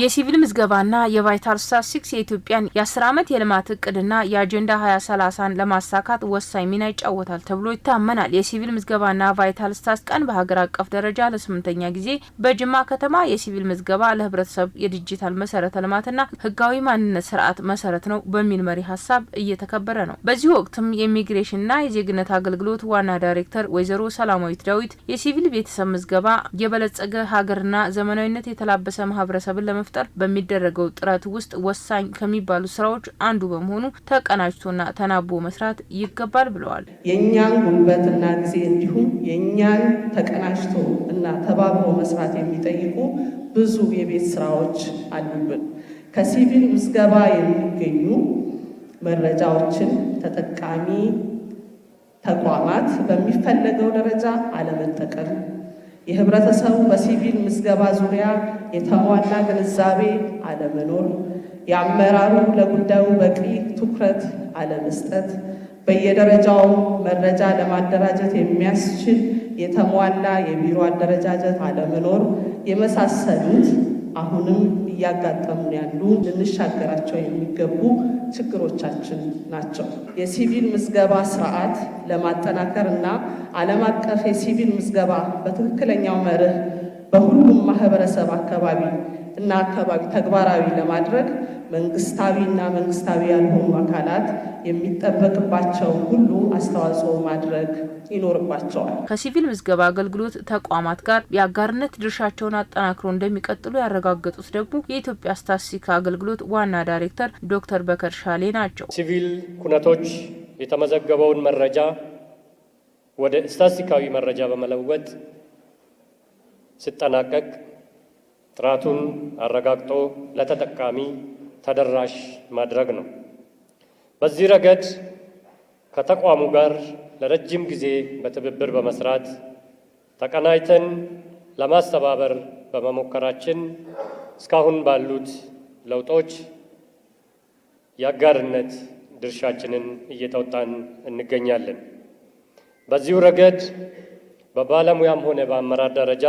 የሲቪል ምዝገባና የቫይታል ስታትስቲክስ የኢትዮጵያን የ ዓመት የልማት እቅድና የአጀንዳ ሀያ ሰላሳን ለማሳካት ወሳኝ ሚና ይጫወታል ተብሎ ይታመናል። የሲቪል ምዝገባና ቫይታል ስታትስ ቀን በሀገር አቀፍ ደረጃ ለስምንተኛ ጊዜ በጅማ ከተማ የሲቪል ምዝገባ ለህብረተሰብ የዲጂታል መሰረተ ልማትና ህጋዊ ማንነት ስርዓት መሰረት ነው በሚል መሪ ሀሳብ እየተከበረ ነው። በዚህ ወቅትም የኢሚግሬሽንና የዜግነት አገልግሎት ዋና ዳይሬክተር ወይዘሮ ሰላማዊት ዳዊት የሲቪል ቤተሰብ ምዝገባ የበለጸገ ሀገርና ዘመናዊነት የተላበሰ ማህበረሰብን ለመ ለመፍጠር በሚደረገው ጥረት ውስጥ ወሳኝ ከሚባሉ ስራዎች አንዱ በመሆኑ ተቀናጅቶና ተናቦ መስራት ይገባል ብለዋል። የእኛን ጉልበትና ጊዜ እንዲሁም የእኛን ተቀናጅቶ እና ተባብሮ መስራት የሚጠይቁ ብዙ የቤት ስራዎች አሉብን። ከሲቪል ምዝገባ የሚገኙ መረጃዎችን ተጠቃሚ ተቋማት በሚፈለገው ደረጃ አለመጠቀም የህብረተሰቡ በሲቪል ምዝገባ ዙሪያ የተሟላ ግንዛቤ አለመኖር፣ የአመራሩ ለጉዳዩ በቂ ትኩረት አለመስጠት፣ በየደረጃው መረጃ ለማደራጀት የሚያስችል የተሟላ የቢሮ አደረጃጀት አለመኖር የመሳሰሉት አሁንም እያጋጠሙ ያሉ ልንሻገራቸው የሚገቡ ችግሮቻችን ናቸው። የሲቪል ምዝገባ ስርዓት ለማጠናከር እና ዓለም አቀፍ የሲቪል ምዝገባ በትክክለኛው መርህ በሁሉም ማህበረሰብ አካባቢ እና አካባቢ ተግባራዊ ለማድረግ እና መንግስታዊ ያልሆኑ አካላት የሚጠበቅባቸው ሁሉ አስተዋጽኦ ማድረግ ይኖርባቸዋል። ከሲቪል ምዝገባ አገልግሎት ተቋማት ጋር የአጋርነት ድርሻቸውን አጠናክሮ እንደሚቀጥሉ ያረጋገጡት ደግሞ የኢትዮጵያ ስታትስቲካ አገልግሎት ዋና ዳይሬክተር ዶክተር በከር ሻሌ ናቸው። ሲቪል ኩነቶች የተመዘገበውን መረጃ ወደ ስታትስቲካዊ መረጃ በመለወጥ ሲጠናቀቅ ጥራቱን አረጋግጦ ለተጠቃሚ ተደራሽ ማድረግ ነው። በዚህ ረገድ ከተቋሙ ጋር ለረጅም ጊዜ በትብብር በመስራት ተቀናይተን ለማስተባበር በመሞከራችን እስካሁን ባሉት ለውጦች የአጋርነት ድርሻችንን እየተወጣን እንገኛለን። በዚሁ ረገድ በባለሙያም ሆነ በአመራር ደረጃ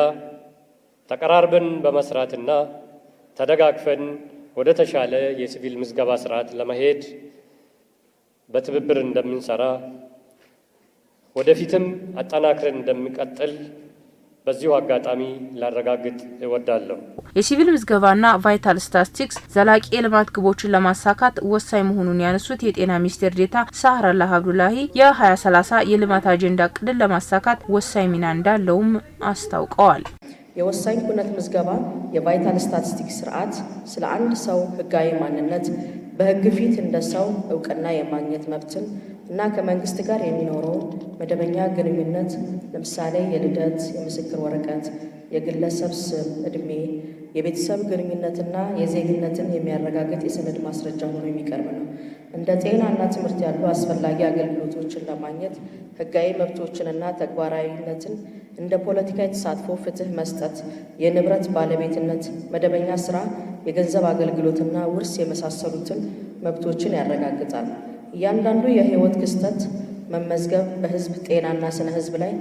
ተቀራርበን በመስራትና ተደጋግፈን ወደ ተሻለ የሲቪል ምዝገባ ስርዓት ለመሄድ በትብብር እንደምንሰራ ወደፊትም አጠናክረን እንደሚቀጥል በዚሁ አጋጣሚ ላረጋግጥ እወዳለሁ። የሲቪል ምዝገባና ቫይታል ስታትስቲክስ ዘላቂ የልማት ግቦችን ለማሳካት ወሳኝ መሆኑን ያነሱት የጤና ሚኒስቴር ዴታ ሳህራላህ አብዱላሂ የ2030 የልማት አጀንዳ ቅድል ለማሳካት ወሳኝ ሚና እንዳለውም አስታውቀዋል። የወሳኝ ኩነት ምዝገባ የቫይታል ስታቲስቲክስ ስርዓት ስለ አንድ ሰው ህጋዊ ማንነት በህግ ፊት እንደ ሰው እውቅና የማግኘት መብትን እና ከመንግስት ጋር የሚኖረው መደበኛ ግንኙነት ለምሳሌ የልደት፣ የምስክር ወረቀት፣ የግለሰብ ስም፣ እድሜ፣ የቤተሰብ ግንኙነትና የዜግነትን የሚያረጋግጥ የሰነድ ማስረጃ ሆኖ የሚቀርብ ነው። እንደ ጤናና ትምህርት ያሉ አስፈላጊ አገልግሎቶችን ለማግኘት ህጋዊ መብቶችንና ተግባራዊነትን እንደ ፖለቲካዊ ተሳትፎ፣ ፍትህ መስጠት፣ የንብረት ባለቤትነት፣ መደበኛ ስራ፣ የገንዘብ አገልግሎትና ውርስ የመሳሰሉትን መብቶችን ያረጋግጣል። እያንዳንዱ የህይወት ክስተት መመዝገብ በህዝብ ጤናና ስነ ህዝብ ላይ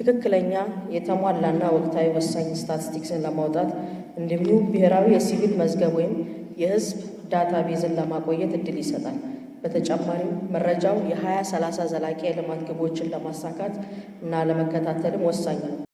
ትክክለኛ የተሟላና ወቅታዊ ወሳኝ ስታቲስቲክስን ለማውጣት እንዲሁም ብሔራዊ የሲቪል መዝገብ ወይም የህዝብ ዳታቤዝን ለማቆየት እድል ይሰጣል። በተጨማሪም መረጃው የ2030 ዘላቂ የልማት ግቦችን ለማሳካት እና ለመከታተልም ወሳኝ ነው።